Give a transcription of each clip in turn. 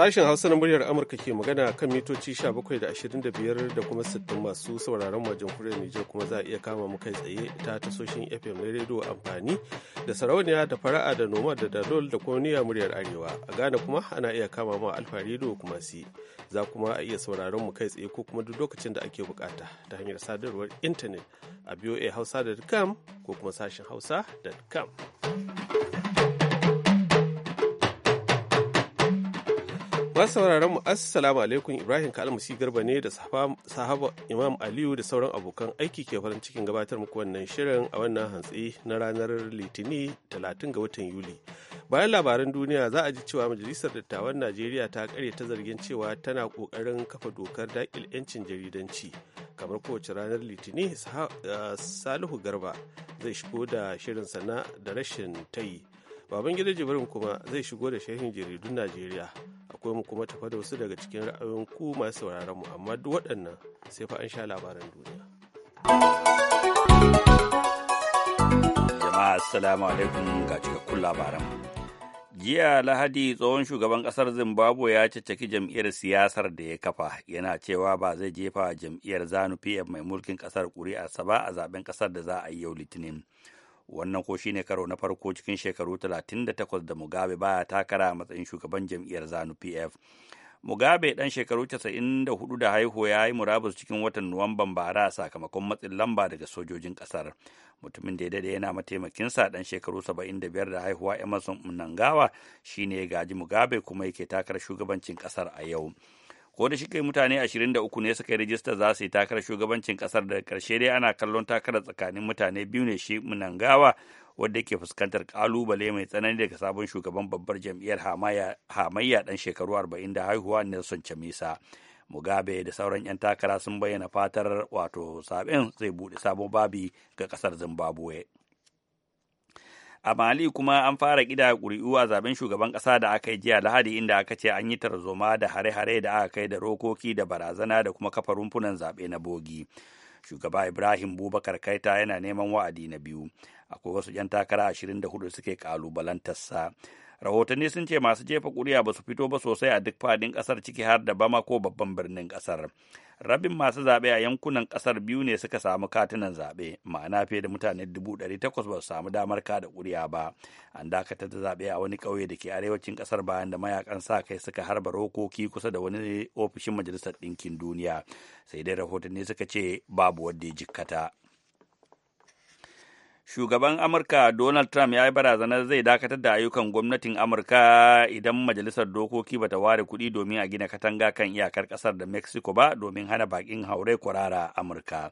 Sashen Hausa na muryar Amurka ke magana kan mitoci 17 da 25 da kuma 60 masu sauraron wajen kuriyar Nijar kuma za a iya kama mu kai tsaye ta tasoshin FM na rediyo amfani da sarauniya da fara'a da noma da dadol da kuma niyar muryar Arewa. A Ghana kuma ana iya kama mu alfa rediyo kuma si. Za kuma a iya sauraron mu kai tsaye ko kuma duk lokacin da ake bukata ta hanyar sadarwar intanet a voahausa.com ko kuma sashen hausa.com. Masu sauraron mu assalamu alaikum Ibrahim Kalmasi Garba ne da sahaba Imam Aliyu da sauran abokan aiki ke farin cikin gabatar muku wannan shirin a wannan hantsi na ranar Litini 30 ga watan Yuli. Bayan labaran duniya za a ji cewa Majalisar Dattawan Najeriya ta kare ta zargin cewa tana kokarin kafa dokar dakil 'yancin jaridanci. Kamar kowace ranar Litini Salihu Garba zai shigo da shirin sana da rashin tayi. gida Jibrin kuma zai shigo da shahin jaridun Najeriya. akwai mu kuma tafa da wasu daga cikin ra'ayoyin ku masu sauraron mu amma duk waɗannan sai fa an sha labaran duniya jama'a assalamu alaikum ga cikakkun labaran jiya lahadi tsohon shugaban ƙasar zimbabwe ya caccaki jam'iyyar siyasar da ya kafa yana cewa ba zai jefa jam'iyyar zanu pf mai mulkin ƙasar ƙuri'arsa ba a zaben ƙasar da za a yi yau litinin wannan ko shine karo na farko cikin shekaru 38 da mugabe baya takara a matsayin shugaban jam'iyyar zanu pf mugabe dan shekaru 94 da haihuwa ya yi murabus cikin watan nuwamban bara sakamakon matsin lamba daga sojojin kasar mutumin da ya dade yana mataimakinsa dan shekaru 75 da haihuwa emerson mnangawa shine ya gaji mugabe kuma yake takarar shugabancin kasar a yau ko da shike mutane 23 ne suka yi rajista za su yi takarar shugabancin kasar da karshe dai ana kallon takarar tsakanin mutane biyu ne shi munangawa wadda ke fuskantar kalubale mai tsanani daga sabon shugaban babbar jam'iyyar hamayya dan shekaru 40 da haihuwa nelson chamisa mugabe da sauran 'yan takara sun bayyana fatar wato saben zai buɗe sabon babi ga kasar zimbabwe a mali kuma an fara gida ƙuri'u a zaben shugaban ƙasa da aka yi jiya lahadi inda aka ce an yi tarzoma da hare-hare da aka kai da rokoki da barazana da kuma kafa rumfunan zaɓe na bogi shugaba ibrahim bubakar kaita yana neman wa'adi na biyu akwai wasu 'yan takara 24 suke ƙalubalantarsa rahotanni sun ce masu jefa kuri'a ba su fito ba sosai a duk fadin kasar ciki har da bama ko babban birnin kasar rabin masu zaɓe a yankunan kasar biyu ne suka samu katunan zaɓe ma'ana fiye da mutane dubu ɗari takwas ba su samu damar kada kuri'a ba an dakatar da zaɓe a wani ƙauye da ke arewacin kasar bayan da mayakan sa kai suka harba rokoki kusa da wani ofishin majalisar ɗinkin duniya sai dai rahotanni suka ce babu wanda ya jikkata shugaban Amurka Donald Trump ya yi barazanar zai dakatar da ayyukan gwamnatin Amurka idan majalisar dokoki bata ware kuɗi domin a gina katanga kan iyakar ƙasar da Mexico ba domin hana baƙin haure kwarara Amurka.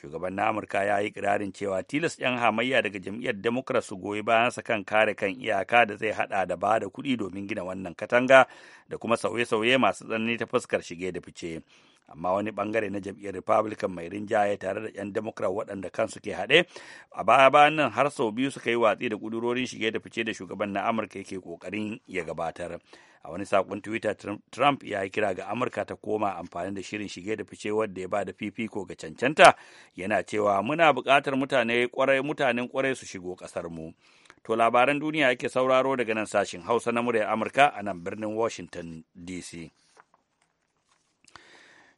Shugaban na Amurka ya yi ƙirarin cewa tilas 'yan hamayya daga jam'iyyar Democrat su goyi bayansa kan kare kan iyaka da zai haɗa da ba da kuɗi domin gina wannan katanga da kuma sauye-sauye masu tsanani ta fuskar shige da fice. amma wani bangare na jam'iyyar republican mai rinjaye tare da 'yan democrat waɗanda kan suke haɗe a baya bayan nan har sau biyu suka yi watsi da kudurorin shige da fice da shugaban na amurka yake kokarin ya gabatar a wani sakon twitter trump ya yi kira ga amurka ta koma amfani da shirin shige da fice wadda ya ba da fifiko ga cancanta yana cewa muna buƙatar mutane kwarai mutanen kwarai su shigo ƙasar mu to labaran duniya yake sauraro daga nan sashin hausa na muryar amurka a nan birnin washington dc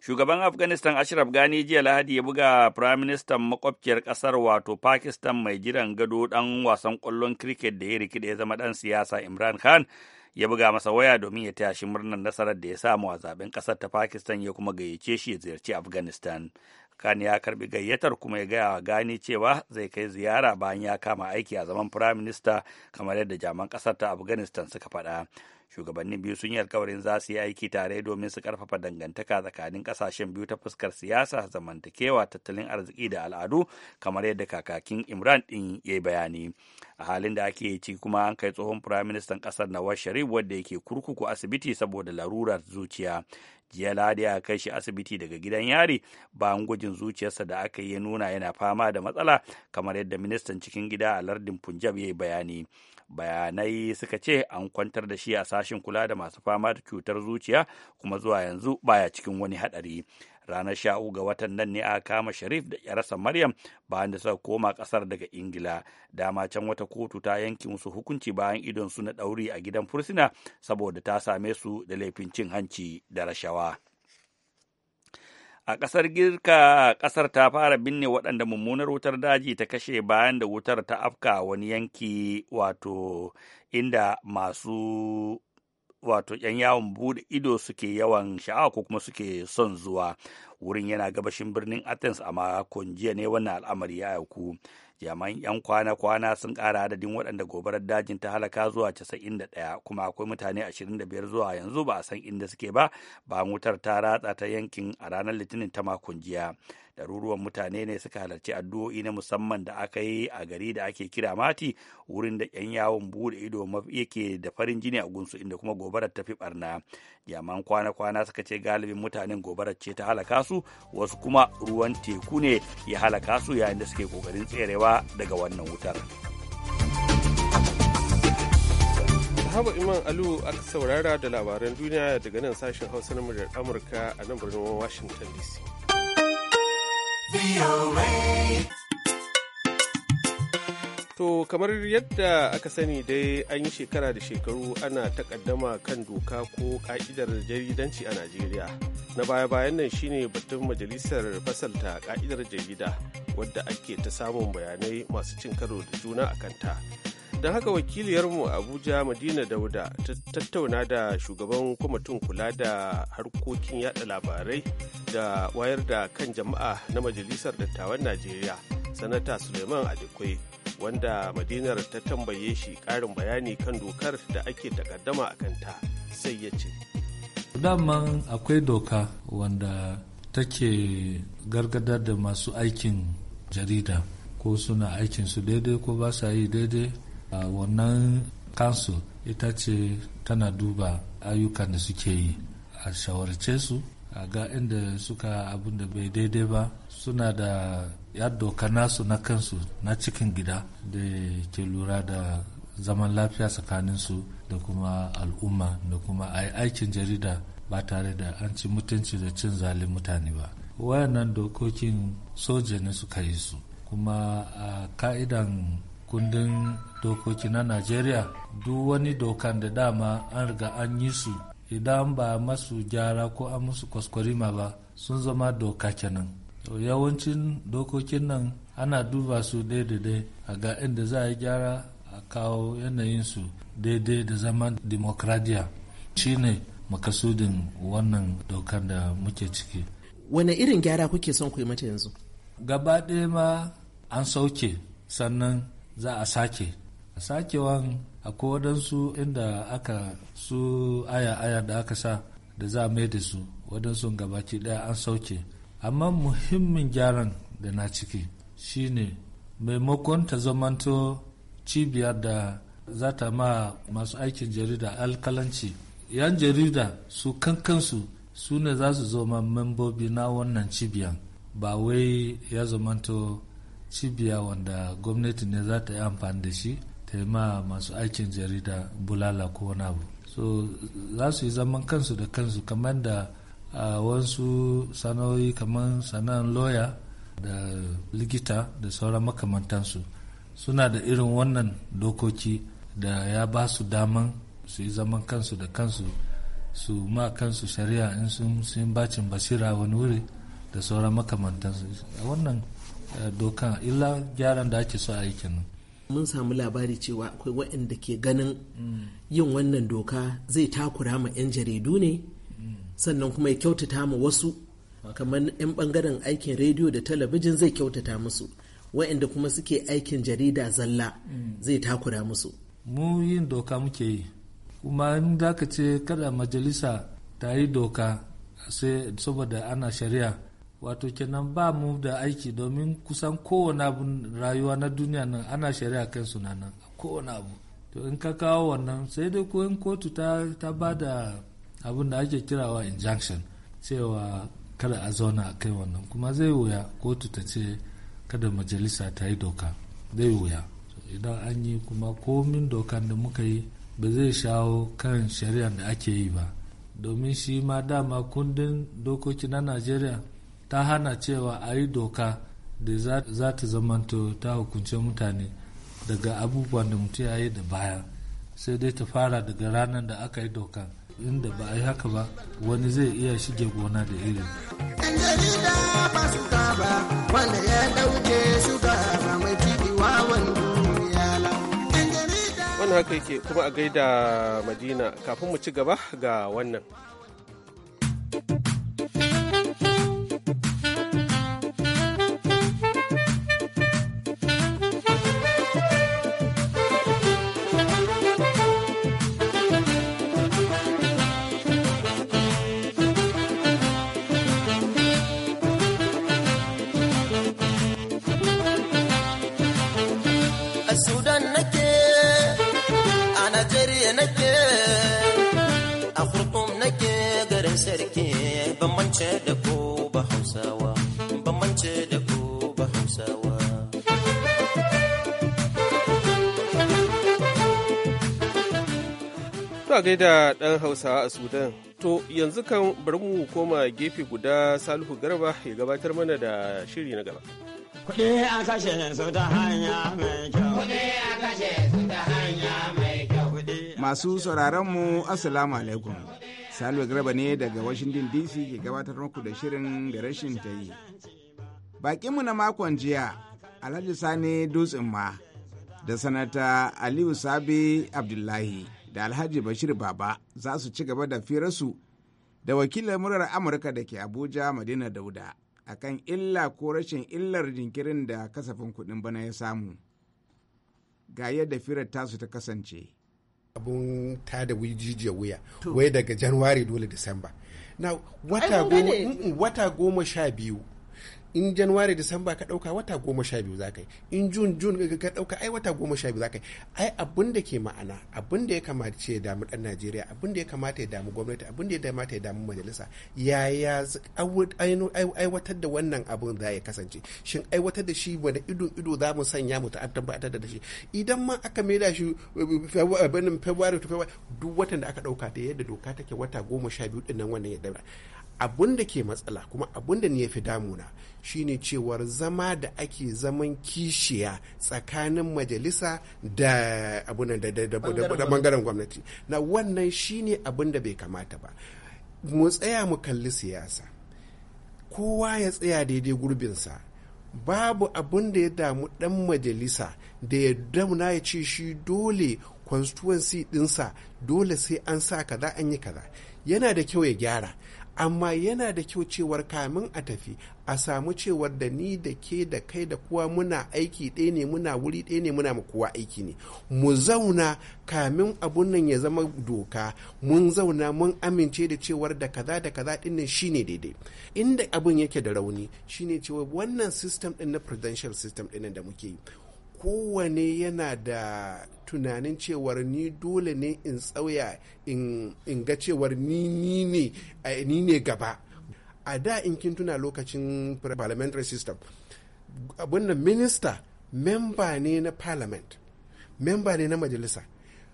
Shugaban Afghanistan Ashraf Ghani jiya Lahadi ya buga firaministan makwabciyar kasar wato Pakistan mai jiran gado dan wasan kwallon cricket da ya rikida ya zama ɗan siyasa Imran Khan ya buga masa waya domin ya taya shi murnar nasarar da ya samu a zaben ƙasar ta Pakistan ya kuma gayyace shi ya ziyarci Afghanistan. Khan ya karbi gayyatar kuma ya gaya gani cewa zai kai ziyara bayan ya kama aiki a zaman firaminista kamar yadda jaman kasar ta Afghanistan suka faɗa. shugabannin biyu sun yi alkawarin za su yi aiki tare domin su karfafa dangantaka tsakanin kasashen biyu ta fuskar siyasa zamantakewa tattalin arziki da al'adu kamar yadda kakakin imran din ya yi bayani a halin da ake ci kuma an kai tsohon firaministan ƙasar nawaz sharif wadda yake kurkuku asibiti saboda larurar zuciya jiya ladi a kai shi asibiti daga gidan yari bayan gwajin zuciyarsa da aka yi nuna yana fama da matsala kamar yadda ministan cikin gida a lardin punjab ya yi bayani bayanai suka ce an kwantar da shi a sashen kula da masu fama da cutar zuciya kuma zuwa yanzu baya cikin wani haɗari. ranar sha ga watan nan ne a kama sharif da yarasa maryam bayan da suka koma kasar daga ingila dama can wata kotu ta yanki musu hukunci bayan idon su na ɗauri a gidan fursuna saboda ta same su da laifin cin hanci da rashawa a ƙasar girka ƙasar ta fara binne waɗanda mummunar wutar daji ta kashe bayan da wutar ta afka wani yanki wato inda masu wato yan yawon bude ido suke yawan sha'awa ko kuma suke son zuwa wurin yana gabashin birnin athens a makon jiya ne wannan al'amari ya auku jami'an 'yan kwana-kwana sun ƙara adadin waɗanda gobarar dajin ta halaka zuwa 91 kuma akwai mutane 25 zuwa yanzu ba a san inda suke ba ba wutar ta ratsa ta yankin a ranar litinin ta makon jiya ɗaruruwan mutane ne suka halarci addu'o'i na musamman da aka yi a gari da ake kira mati wurin da 'yan yawon bude ido yake da farin jini a gunsu inda kuma gobarar ta fi barna jaman kwana-kwana suka ce galibin mutanen gobarar ce ta halaka su wasu kuma ruwan teku ne ya halaka su yayin da suke kokarin tserewa daga wannan wutar. Sahaba Iman Alu aka saurara da labaran duniya daga nan sashen Hausa na muryar Amurka a nan birnin Washington DC. To kamar yadda aka sani dai an yi shekara da shekaru ana takaddama kan doka ko ka'idar jaridanci a Najeriya. Na baya-bayan nan shine batun majalisar fasalta ka'idar jarida wadda ake ta samun bayanai masu cin karo da juna a kanta. don haka wakiliyarmu a abuja madina dauda ta tattauna da shugaban kwamitin kula da harkokin yada labarai da wayar da kan jama'a na majalisar dattawan najeriya sanata suleiman adekwai wanda madinar ta tambaye shi karin bayani kan dokar da ake takaddama a kanta sai ya ce daman akwai doka wanda take gargadar da masu aikin jarida ko suna aikinsu daidai ko ba sa yi daidai a wannan kansu ita ce tana duba ayyukan da suke yi a shawarce su a ga inda suka abin da bai daidai ba suna da ya doka nasu na kansu na cikin gida da ke lura da zaman lafiya tsakaninsu da kuma al'umma da kuma a aikin jarida ba tare da an ci mutunci da cin zalin mutane ba wayannan dokokin soja ne suka yi su kuma a ka'idan kundin dokoki na najeriya duk wani dokan da dama an riga an yi su idan ba masu gyara ko an musu kwaskwarima ba sun zama doka kenan yawancin dokokin nan ana duba su daidai a ga inda za a gyara a kawo yanayin su daidai da zaman demokradiyya shine makasudin wannan dokar da muke ciki wani irin gyara kuke son ku yi mata yanzu gaba ɗaya ma an sauke sannan za a sake sakewan akwai waɗansu inda aka su aya-aya da aka sa da za mai da su waɗansu gabaki ɗaya an sauke amma muhimmin gyaran da na ciki shine maimakon ta zamanto cibiyar da za ta ma masu aikin jarida alkalanci yan jarida su kankansu su ne za su zama membobi na wannan cibiyar ba wai ya zamanto cibiya wanda gwamnati ne za ta yi amfani da shi ta yi ma masu aikin jarida bulala ko wani abu so za su yi zaman kansu da kansu kamar da a wasu sanoyi kamar sanan loya da likita da sauran makamantansu suna da irin wannan dokoki da ya ba su daman su yi zaman kansu da kansu su ma kansu shari'a in sun bacin basira wani wuri da sauran makamantansu wannan dokan illa gyaran da ake so aikin nan mun samu labari cewa akwai waɗanda ke ganin yin wannan doka zai takura ma 'yan jaridu ne sannan kuma ya kyautata ma wasu kamar 'yan bangaren aikin rediyo da talabijin zai kyautata musu waɗanda kuma suke aikin jarida zalla zai takura musu mu yin doka muke yi kuma in za ka ce kada majalisa ta yi doka sai saboda ana shari'a wato kenan ba mu da aiki domin kusan kowane abu rayuwa na duniya nan ana shari'a kan suna nan kowane abu to in ka kawo wannan sai dai ko in kotu ta, ta ba da abin da ake kirawa injunction cewa kada a zauna a kai wannan kuma zai wuya kotu ta ce kada majalisa ta yi doka zai wuya idan an yi kuma komin dokan da muka yi ba zai shawo kan shari'a da ake yi ba domin shi ma dama kundin dokoki na najeriya ta hana cewa a yi doka da za ta zamanto ta hukunce mutane daga abubuwan da mutum ya yi da baya sai dai ta fara daga ranar da aka yi doka inda ba a yi haka ba wani zai iya shige gona da iri wannan haka yake kuma a gaida madina kafin mu ci gaba ga wannan a gaida ɗan hausa a Sudan. To yanzu kan bari mu koma gefe guda Salihu Garba ya gabatar mana da shiri na gaba. Kuɗi a kashe su ta hanya mai kyau. Masu sauraron mu Assalamu alaikum. Salihu Garba ne daga Washington DC ke gabatar muku da shirin da rashin ta yi. Bakinmu na makon jiya, Alhaji Sani Dutsen ma da sanata Aliyu Sabi Abdullahi. da Alhaji Bashir Baba za su ci gaba da firarsu da wakilin murar Amurka da ke Abuja Madina Dauda a kan illa ko rashin illar jinkirin da kasafin kudin bana ya samu. Ga yadda firar tasu ta kasance. Abun ta da wujijiyar wuya, wai daga Januwari dole Disamba. Na wata goma sha biyu in januwari disamba ka ɗauka wata goma sha biyu za ka yi in jun jun ka ɗauka ai wata goma sha biyu za ka yi ai abin da ke ma'ana abin da ya kamata ce ya damu ɗan najeriya abin da ya kamata ya damu gwamnati abin da ya kamata ya damu majalisa yaya aiwatar da wannan abin za ya kasance shin aiwatar da shi wani idon ido za mu sanya mu tabbatar da shi idan ma aka maida shi eh, eh, benin eh, february to february duk watan da aka ɗauka da yadda doka take wata goma sha biyu dinnan nan wannan ya daura Abin da ke matsala kuma abin da ni ya fi damuna shine cewar zama da ake zaman kishiya tsakanin majalisa da abunan da bangaren gwamnati na wannan shine abin da bai kamata ba mu tsaya mu kalli siyasa kowa ya tsaya daidai gurbinsa babu abin da ya damu dan majalisa da ya damuna ya ce shi dole constituency dinsa dole sai an sa kaza an yi kaza yana da kyau ya gyara amma yana da kyau cewar kamin a tafi a samu cewar da ni da ke da kai da kuwa muna aiki ɗaya ne muna wuri ɗaya ne muna kowa aiki ne mu zauna kamin abun nan ya zama doka mun zauna mun amince da cewar da kaza da kaza ɗin nan shine daidai inda abun yake da rauni shine cewa wannan system ɗin na prudential system ɗin da muke yi kowane yana da tunanin cewar ni dole ne in tsauya in ga cewar eh, ni ne gaba a da in kin tuna lokacin parliamentary system abin minista memba ne na parliament memba ne na majalisa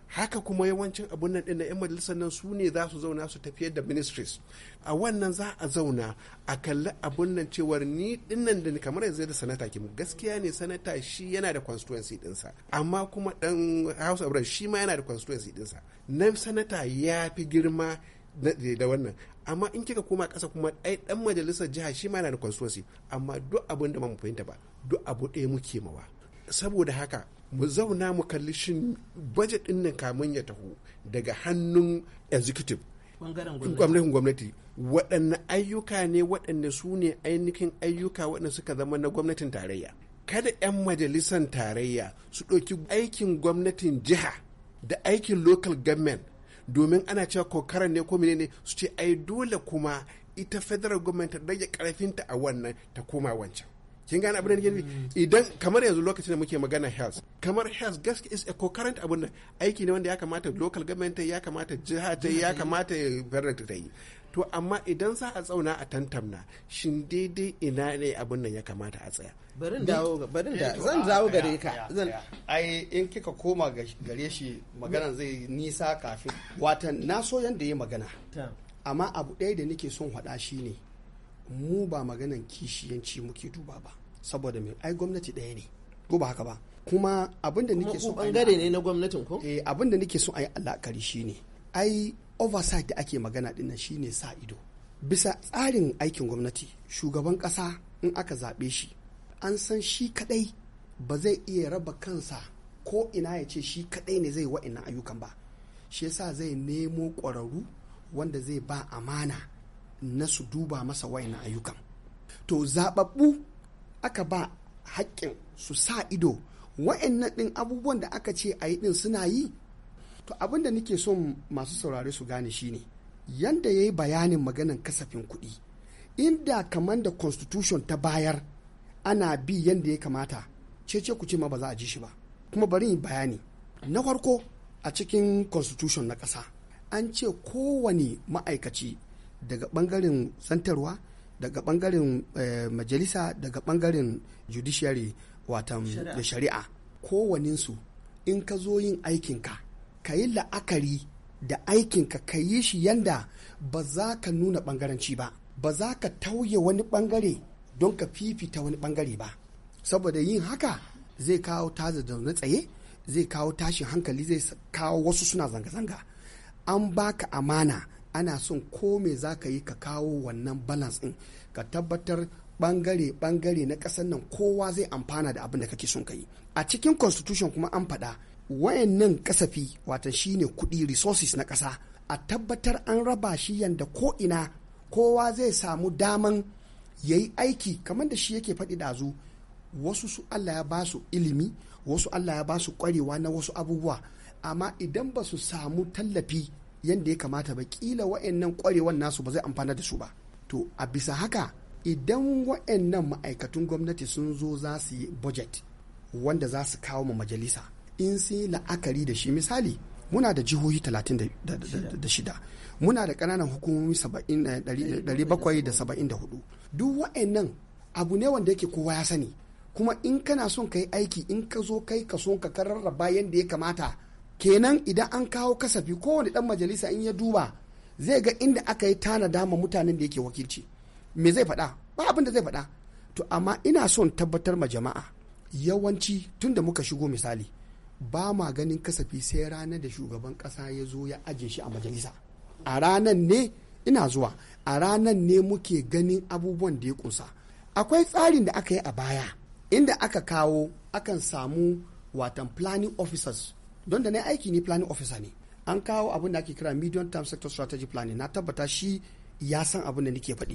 haka kuma yawancin abun nan ɗin na 'yan majalisar nan su ne za su zauna su tafiyar da ministries a wannan za a zauna a kalli abun nan cewar ni dinnan da kamar yanzu da sanata kim gaskiya ne sanata shi yana da constituency ɗinsa amma kuma dan house of shi ma yana da constituency ɗinsa nan sanata ya fi girma da wannan amma in kika koma ƙasa kuma ɗai ɗan majalisar jiha shi ma yana da constituency amma duk abin da ba mu fahimta ba duk abu ɗaya muke mawa saboda haka mu zauna mu kalli shin budget din nan kamun ya taho daga hannun executive gwamnatin gwamnati waɗanne ayyuka ne waɗanne su ne ainihin ayyuka waɗanda suka zama na gwamnatin tarayya kada 'yan majalisan tarayya su ɗauki aikin gwamnatin jiha da aikin local government domin ana cewa kokarar ne ko ne su ce ai dole kuma ita federal government ta rage karfinta a wannan ta koma wancan kin gane abin da nake nufi mm. idan kamar yanzu lokacin da muke magana health kamar health gaskiya is a concurrent abin da aiki ne wanda ya kamata local government ya kamata jiha ta ya mm. kamata government ta yi to amma idan za a tsauna a tantamna shin daidai ina ne abin nan ya kamata a tsaya barin dawo ga barin eh da zan dawo gare ka zan ai in kika koma gare shi magana zai nisa kafin watan na so yanda ya magana amma abu ɗaya da nake son faɗa shine mu ba maganan kishiyanci muke duba ba saboda mai ai gwamnati ɗaya ne ko ba haka ba kuma abinda nake so bangare ne na gwamnatin ko eh abinda nake so ayi alakari shine ai oversight da ake magana din nan shine sa ido bisa tsarin aikin gwamnati shugaban kasa in aka zabe shi an san shi kadai ba zai iya raba kansa ko ina ya ce shi kadai ne zai wa'annan ayyukan ba shi yasa zai nemo ƙwararru wanda zai ba amana na su duba masa wayan ayyukan to zababbu aka ba haƙƙin su sa ido wayannan ɗin abubuwan da aka ce a yi ɗin suna yi to abin da nake son masu saurare su gane shine yanda ya yi bayanin maganan kasafin kuɗi inda kamar da constitution ta bayar ana bi yanda ya kamata cece ku ce ma ba za a ji shi ba kuma bari yi bayani na farko a cikin constitution na ƙasa an ce kowane ma'aikaci daga bangaren santarwa daga bangaren eh, majalisa daga bangaren judiciary watan da shari'a kowaninsu in ka zo yin aikinka ka yi la'akari da aikinka ka yi shi yanda ba za ka nuna bangaranci ba ba za ka tauye wani bangare don ka fifita wani bangare ba saboda yin haka zai kawo taza da tsaye zai kawo tashin hankali zai kawo wasu suna zanga-zanga an baka amana ana son ko me za ka yi ka kawo wannan balance ɗin ka tabbatar bangare bangare na ƙasar nan kowa zai amfana da abin da kake son ka yi a cikin constitution kuma an faɗa wayannan kasafi wato shine kuɗi resources na ƙasa a tabbatar an raba shi yanda ko ina kowa zai samu daman ya yi aiki kamar da shi yake faɗi ɗazu wasu su Allah ya ba su ilimi wasu Allah ya ba su ƙwarewa na wasu abubuwa amma idan ba su samu tallafi yadda ya kamata ba kila wa'annan kwarewan nasu ba zai amfana da su ba to a bisa haka idan wa'annan ma'aikatun gwamnati sun zo za su yi budget wanda za su kawo ma majalisa in sun yi la'akari da shi misali muna da jihohi 36 muna da kananan hukumomi 774 eh, duk wa'annan abu ne wanda yake kowa ya sani kuma in kana son ka yi aiki in ka zo kai ka son ka kararraba yadda ya kamata kenan idan an kawo kasafi kowane dan majalisa in ya duba zai ga inda aka yi tanadama dama mutanen da yake wakilci me zai faɗa ba abin da zai faɗa to amma ina son tabbatar ma jama'a yawanci tun da muka shigo misali ba ma ganin kasafi sai ranar da shugaban kasa ya zo ya ajiye shi a majalisa a ranar ne ina zuwa a ranar ne muke ganin abubuwan da ya kunsa akwai tsarin da aka yi a baya inda aka kawo akan samu watan planning officers don da na aiki ni planning officer ne an kawo abin da ake kira medium term sector strategy planning na tabbata shi ya san abin da nake faɗi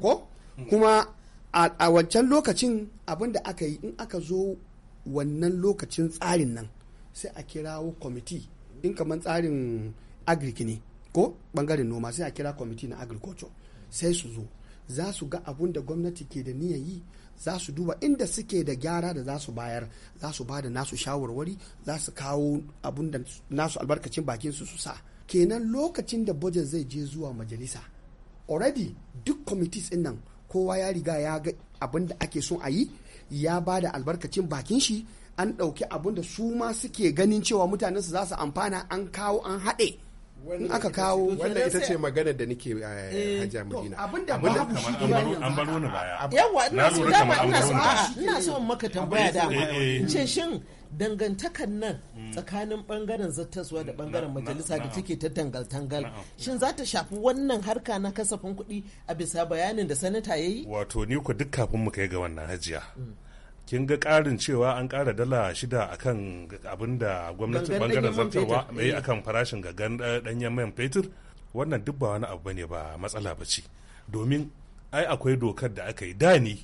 ko kuma a wancan lokacin abin da aka yi in aka zo wannan lokacin tsarin nan sai a kirawo committee in kamar tsarin agric ne ko bangaren noma sai a kira committee na agriculture sai su zo za su ga abun da gwamnati ke da niyyar yi za su duba inda suke da gyara da za su bayar za su ba da nasu shawarwari za su kawo abun da nasu albarkacin bakin su su sa kenan lokacin da budget zai je zuwa majalisa already duk committees din nan kowa ya riga ya ga abin da ake son a yi ya ba da albarkacin bakin shi an ɗauki abun da su ma suke ganin cewa mutanen su za su amfana an kawo an haɗe aka kawo wannan ita ce magana da nake eh, eh, hajja madina abinda ku shi an bar wani baya yawa ina so ina so ina so maka tambaya da ce eh, shin dangantakan nan mm. tsakanin bangaren zattaswa da bangaren mm, majalisa da take ta tangal-tangal shin za ta shafi wannan harka na kasafin kuɗi a bisa bayanin da sanata ya yi wato ni ku duk kafin mu kai ga wannan hajiya mm. kin ga karin cewa an kara dala shida akan abin da gwamnatin bangaren zartarwa mai eh, eh. akan farashin ga danyen eh, man fetur wannan duk ba wani abu bane ba matsala ba ce domin ai akwai dokar da aka yi dani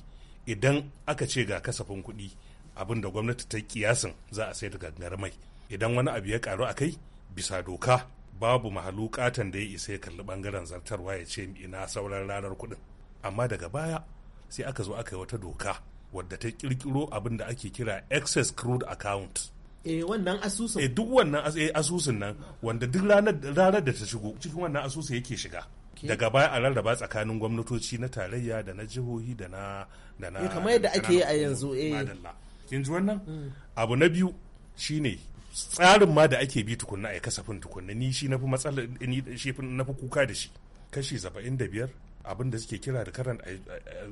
idan aka ce ga kasafin kuɗi abin da gwamnati ta kiyasin za a sai da gangar mai idan wani abu ya karu a kai bisa doka babu mahalukatan da ya isa ya kalli bangaren zartarwa ya ce ina sauran ranar kuɗin amma daga baya sai aka zo aka yi wata doka wadda ta kirkiro abin da ake kira excess crude account eh wannan asusun eh duk wannan eh, asusun nan wanda duk ranar da ta shigo cikin wannan asusun yake shiga daga baya a rarraba tsakanin gwamnatoci na tarayya da na jihohi da na da na eh, kamar yadda ake yi a yanzu eh kin ji wannan mm. abu na biyu shine tsarin ma da ake bi tukunna a kasafin tukunna ni shi nafi matsala ni shi nafi kuka da shi kashi 75 abin da suke kira eh, eh, da karan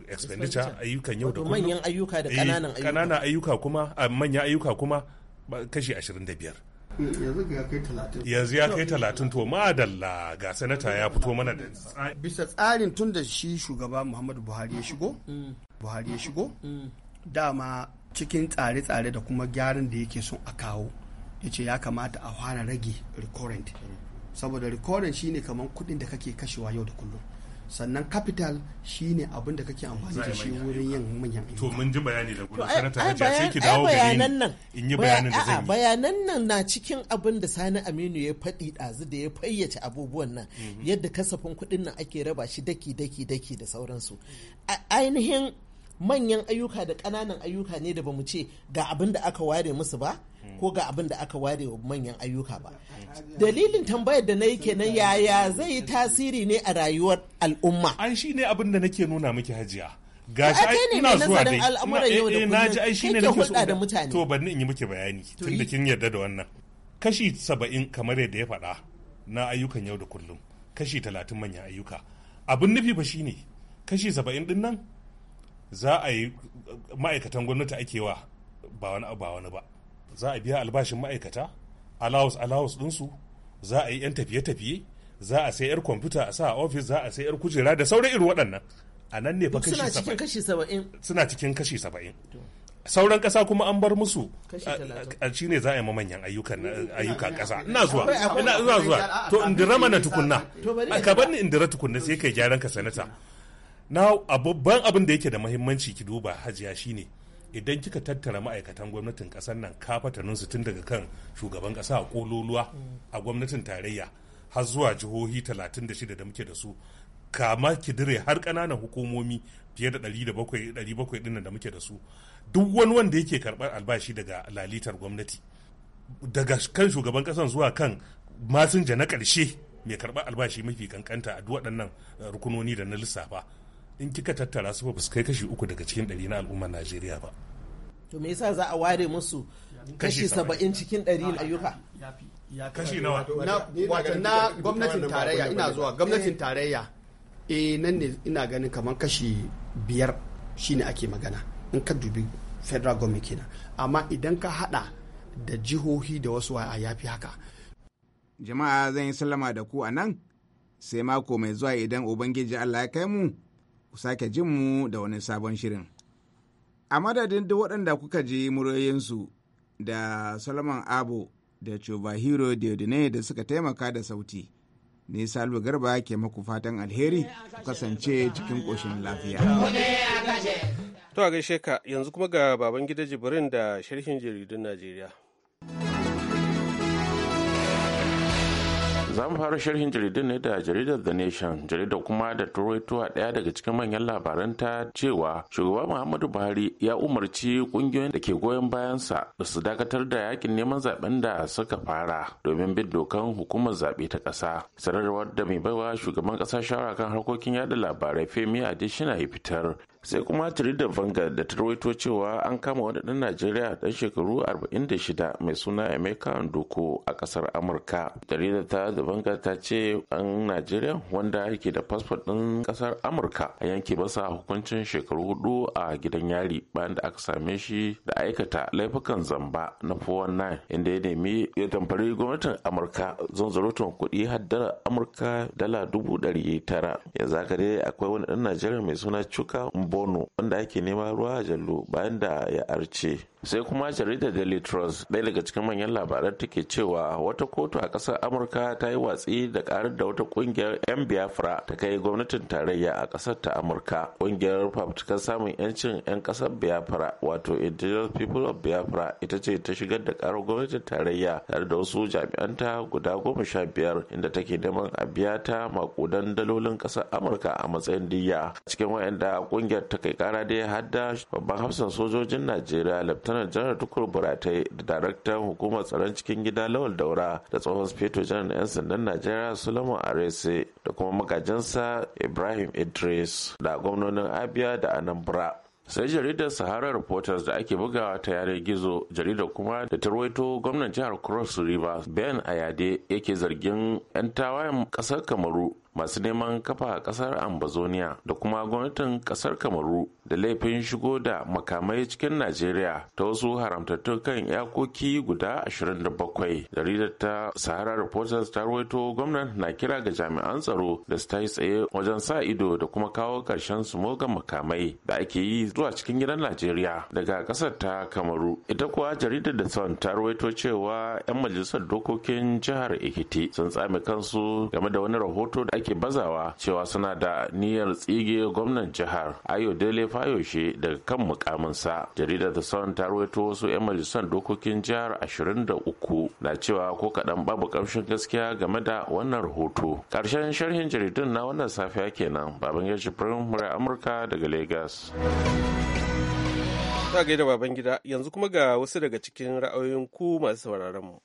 expenditure ayyukan yau da kullum manyan ayyuka da kananan eh, ayyuka kananan ayyuka kuma manyan ayyuka kuma kashi 25 yanzu ya kai talatin to ma'adalla ga sanata ya fito mana da bisa tsarin tun da shi shugaba muhammadu buhari ya shigo buhari ya shigo dama cikin tsare-tsare da kuma gyaran da yake son a kawo ya ce ya kamata a fara rage recurrent saboda recurrent shine kamar kudin da kake kashewa yau da kullum sannan capital shine abin da kake amfani da shi wurin yin manyan ayyuka to mun ji bayani da gudu sanata hajji sai ki dawo gare ni in yi bayanin da zan yi bayanan nan na cikin abin da Sani Aminu ya faɗi ɗazu da ya fayyace abubuwan nan mhm. yadda kasafin kuɗin nan ake raba shi daki daki daki da sauransu ainihin manyan ayyuka da ƙananan ayyuka ne da bamu ce ga abin da aka ware musu ba ko ga abin da aka ware wa manyan ayyuka ba dalilin tambayar da na yi kenan yaya zai yi tasiri ne a rayuwar al'umma An shi ne abin da nake nuna miki hajiya gashi ai ina zuwa dai eh, eh, na ji ai ne nake so da mutane to bari in yi miki bayani tunda kin yarda da wannan kashi saba'in kamar yadda ya faɗa na ayyukan yau da kullum kashi talatin manyan ayyuka abin nufi fa shine kashi saba'in din nan za a yi ma'aikatan gwamnati ake wa ba wani ba wani ba za a biya albashin ma'aikata allowance allowance dinsu za a yi 'yan tafiye-tafiye za a sai 'yar kwamfuta a sa a ofis za a sai 'yar kujera da sauran irin waɗannan a nan ne fa kashi saba'in suna cikin kashi saba'in sauran kasa kuma an bar musu shi ne za a yi manyan ayyukan eh, eh, kasa eh, ina zuwa ina zuwa to indira mana tukunna ka bar ni indira tukunna sai kai gyaran ka sanata na babban abin da yake da mahimmanci ki duba hajiya shine idan kika tattara ma'aikatan gwamnatin kasar nan kafatanin su tun daga kan shugaban kasa a kololuwa a gwamnatin tarayya har zuwa jihohi 36 da muke da su kama kidire har kananan hukumomi fiye da 700 ɗin da muke da su duk wani wanda yake karbar albashi daga lalitar gwamnati daga kan shugaban kasan zuwa kan masinja na ƙarshe mai karbar albashi mafi kankanta a waɗannan eh, rukunoni da na lissafa in kika tattara su ba su kai kashi uku daga cikin ɗari na al'ummar najeriya ba to me yasa za a ware musu kashi saba'in cikin ɗari na ayyuka kashi nawa wato na gwamnatin tarayya ina zuwa gwamnatin eh. tarayya eh nan ne ina ganin kamar kashi biyar shine ake magana in ka dubi federal government kenan amma idan ka hada da jihohi da wasu a yafi haka jama'a zan yi sallama da ku a nan sai mako mai zuwa idan ubangiji allah ya kai mu ku sake jin mu da wani sabon shirin. A madadin duk waɗanda kuka ji muryoyinsu da Solomon abu da Chubahiro Diodine da suka taimaka da sauti. Ni Salwa Garba ke maku fatan alheri kasance cikin ƙoshin lafiya. To a gaishe ka yanzu kuma ga baban gida Jibrin da sharhin jaridun Najeriya. za mu fara sharhin jaridun ne da jaridar the nation jaridar kuma da turaituwa daya daga cikin manyan labaran ta cewa shugaba muhammadu buhari ya umarci kungiyoyin da ke goyon bayansa da su dakatar da yakin neman zaben da suka fara domin bin dokan hukumar zaɓe ta ƙasa sanarwar da mai baiwa shugaban kasa shawara kan harkokin yada labarai femi adishina ya fitar sai kuma da Vanga da ta rawaito cewa an kama wani dan Najeriya dan shekaru 46 mai suna Emeka doko a kasar Amurka. Jaridar ta da Vanga ta ce an Najeriya wanda yake da fasfo ɗin kasar Amurka a yanke masa hukuncin shekaru hudu a gidan yari bayan da aka same shi da aikata laifukan zamba na 419 inda ya nemi ya tamfari gwamnatin Amurka zarautar kuɗi haddara Amurka dala dubu ɗari tara. Yanzu dai akwai wani ɗan Najeriya mai suna Chuka bono wanda ake nema ruwa a jallo bayan da ya arce sai kuma jaridar daily trust ɗaya daga cikin manyan labaran take cewa wata kotu a ƙasar amurka ta yi watsi da ƙarar da wata ƙungiyar 'yan biafra ta kai gwamnatin tarayya a ƙasar ta amurka ƙungiyar fafutukar samun 'yancin 'yan ƙasar biafra wato indigenous people of biafra ita ce ta shigar da ƙarar gwamnatin tarayya tare da wasu jami'anta guda goma sha biyar inda take neman a biya ta makudan dalolin ƙasar amurka a matsayin diya cikin waɗanda ƙungiyar ta kai ƙara da har da babban hafsan sojojin najeriya laftanar janar tukur buratai da daraktan hukumar tsaron cikin gida lawal daura da tsohon speto janar 'yan sandan najeriya sulaiman arese da kuma magajinsa ibrahim idris da gwamnonin abia da anambra sai jaridar sahara reporters da ake bugawa ta yanar gizo jaridar kuma da ta rawaito gwamnan jihar cross river ben ayade yake zargin 'yan tawayen kasar kamaru masu neman kafa kasar ambazonia da kuma gwamnatin kasar kamaru da laifin shigo da makamai cikin najeriya ta wasu haramtattun kan iyakoki guda 27 jaridar ta sahara reporters ta ruwaito gwamnan na kira ga jami'an tsaro da su yi tsaye wajen sa ido da kuma kawo karshen su mogan makamai da ake yi zuwa cikin gidan najeriya daga kasar ta kamaru ita kuwa jaridar da son ta ruwaito cewa 'yan majalisar dokokin jihar ekiti sun tsame kansu game da wani rahoto da ake bazawa cewa suna da niyyar tsige gwamnan jihar ayodele fayoshe daga kan mukaminsa jaridar da sun ta rawaito wasu 'yan majalisar dokokin jihar ashirin da uku na cewa ko kaɗan babu ƙamshin gaskiya game da wannan rahoto ƙarshen sharhin jaridun na wannan safiya kenan baban yashi firin amurka daga lagos ta gaida baban yanzu kuma ga wasu daga cikin ra'ayoyin ku masu sauraron mu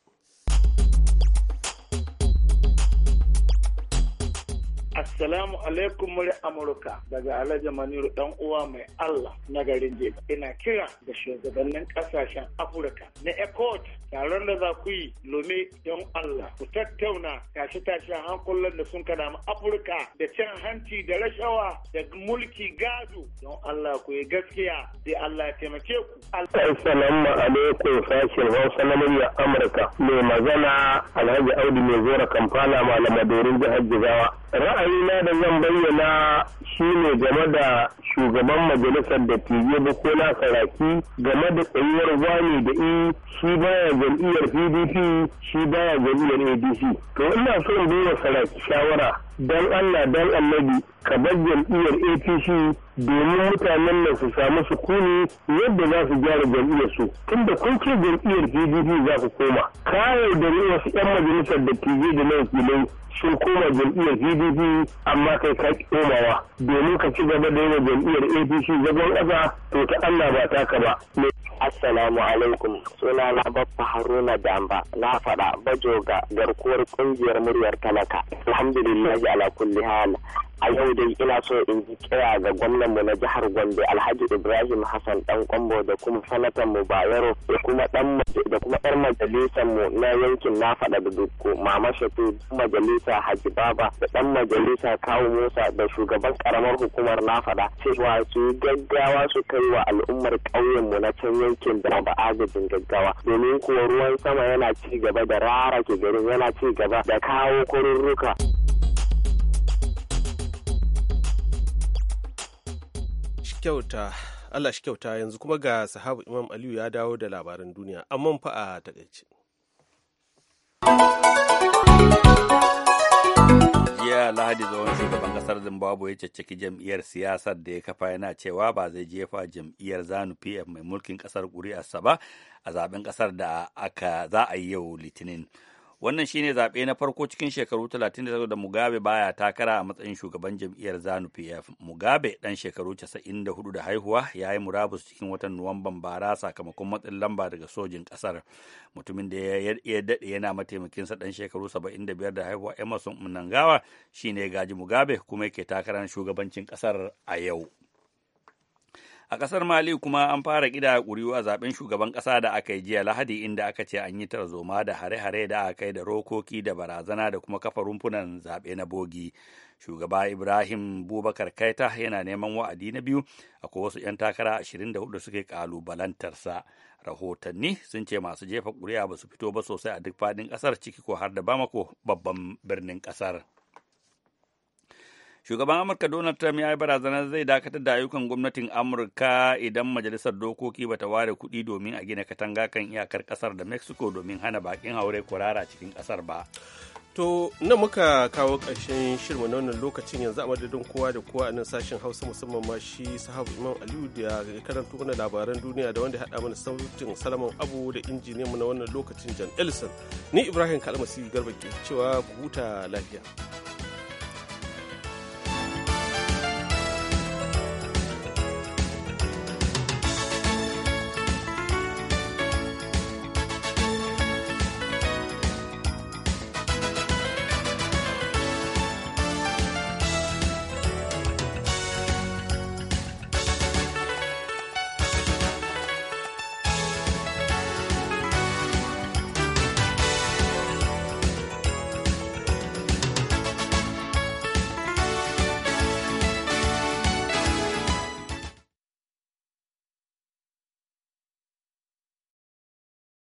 Salamu alaikum muri Amurka daga Alhaji Maniru dan uwa mai Allah na garin Jega. Ina kira da shugabannin kasashen Afirka na ecot taron da za ku yi lome don Allah ku tattauna tashi tashen hankulan da sun kada mu Afirka da cin hanci da rashawa da mulki gado don Allah ku yi gaskiya sai Allah ya taimake ku. Assalamu alaikum sashen Hausa na murya Amurka mai magana Alhaji Audu mai zora Kampala malamadorin jihar Jigawa. ra'ayina da zan bayyana ne game da shugaban majalisar da tije bukola karaki game da tsayuwar wani da i shi baya jam'iyyar pdp shi baya jam'iyyar adc to ina so in bai saraki shawara don Allah don annabi ka bar jam'iyyar APC domin mutanen nan su samu sukuni yadda za su gyara jam'iyyar su tunda kun ce jam'iyyar PDP za su koma kayar da ne wasu 'yan majalisar da tv da nan filai sun koma jam'iyyar PDP amma kai ka komawa domin ka ci gaba da yawa jam'iyyar APC zagon ƙasa to ta Allah ba taka ba. Assalamu alaikum suna na Baffa Haruna Damba na faɗa bajo ga garkuwar ƙungiyar muryar talaka. Alhamdulillah ala kulli hal a yau dai ina so in ji kira ga gwamnanmu na jihar gombe alhaji ibrahim hassan dan kwambo da kuma sanatan mu bayero da kuma dan da kuma yar majalisar mu na yankin na faɗa da dukku mama shafi majalisa haji baba da dan majalisa kawo musa da shugaban karamar hukumar na faɗa cewa su gaggawa su kai wa al'ummar ƙauyen mu na can yankin da ba agajin gaggawa domin kuwa ruwan sama yana ci gaba da rarake garin yana ci gaba da kawo kururruka. kyauta Allah shi kyauta yanzu kuma ga sahabu Imam Aliyu ya dawo da labaran duniya amma fa a takaice. jiya lahadi zuwan shugaban kasar zimbabwe ya caccaki jam'iyyar siyasar da ya kafa yana cewa ba zai jefa jam'iyyar zanu pf mai mulkin kasar kuri'arsa ba a zaben kasar da aka za a yi yau litinin wannan shine zaɓe na farko cikin shekaru 30 da mugabe baya takara a matsayin shugaban jam'iyyar zanu pf mugabe dan shekaru 94 da haihuwa ya yi murabus cikin watan nuwamban bara sakamakon matsin lamba daga sojin kasar. mutumin da ya daɗe yana mataimakinsa dan shekaru 75 da haihuwa emerson mnangawa shine gaji mugabe kuma yake takarar shugabancin ƙasar a yau a ƙasar mali kuma an fara ƙida ƙuri'u a zaben shugaban ƙasa da aka yi jiya lahadi inda aka ce an yi tarzoma da hare-hare da aka kai da rokoki da barazana da kuma kafa rumfunan zaɓe na bogi shugaba ibrahim bubakar kaita yana neman wa'adi na biyu akwai wasu 'yan takara 24 suke ƙalubalantarsa rahotanni sun ce masu jefa ƙuri'a ba su fito ba sosai a duk faɗin ƙasar ciki ko har da bamako babban birnin ƙasar. Shugaban Amurka Donald Trump ya yi barazanar zai dakatar da ayyukan gwamnatin Amurka idan majalisar dokoki ba ta ware kuɗi domin a gina katanga kan iyakar kasar da Mexico domin hana bakin haure kurara cikin kasar ba. To nan muka kawo ƙarshen shirma na wannan lokacin yanzu a madadin kowa da kowa a nan sashen Hausa musamman ma shi sahabu Imam Aliyu da ya karanto mana labaran duniya da wanda haɗa mana sautin Salaman Abu da injiniyan mu na wannan lokacin Jan Ellison. Ni Ibrahim Kalmasi Garba ke cewa ku huta lafiya.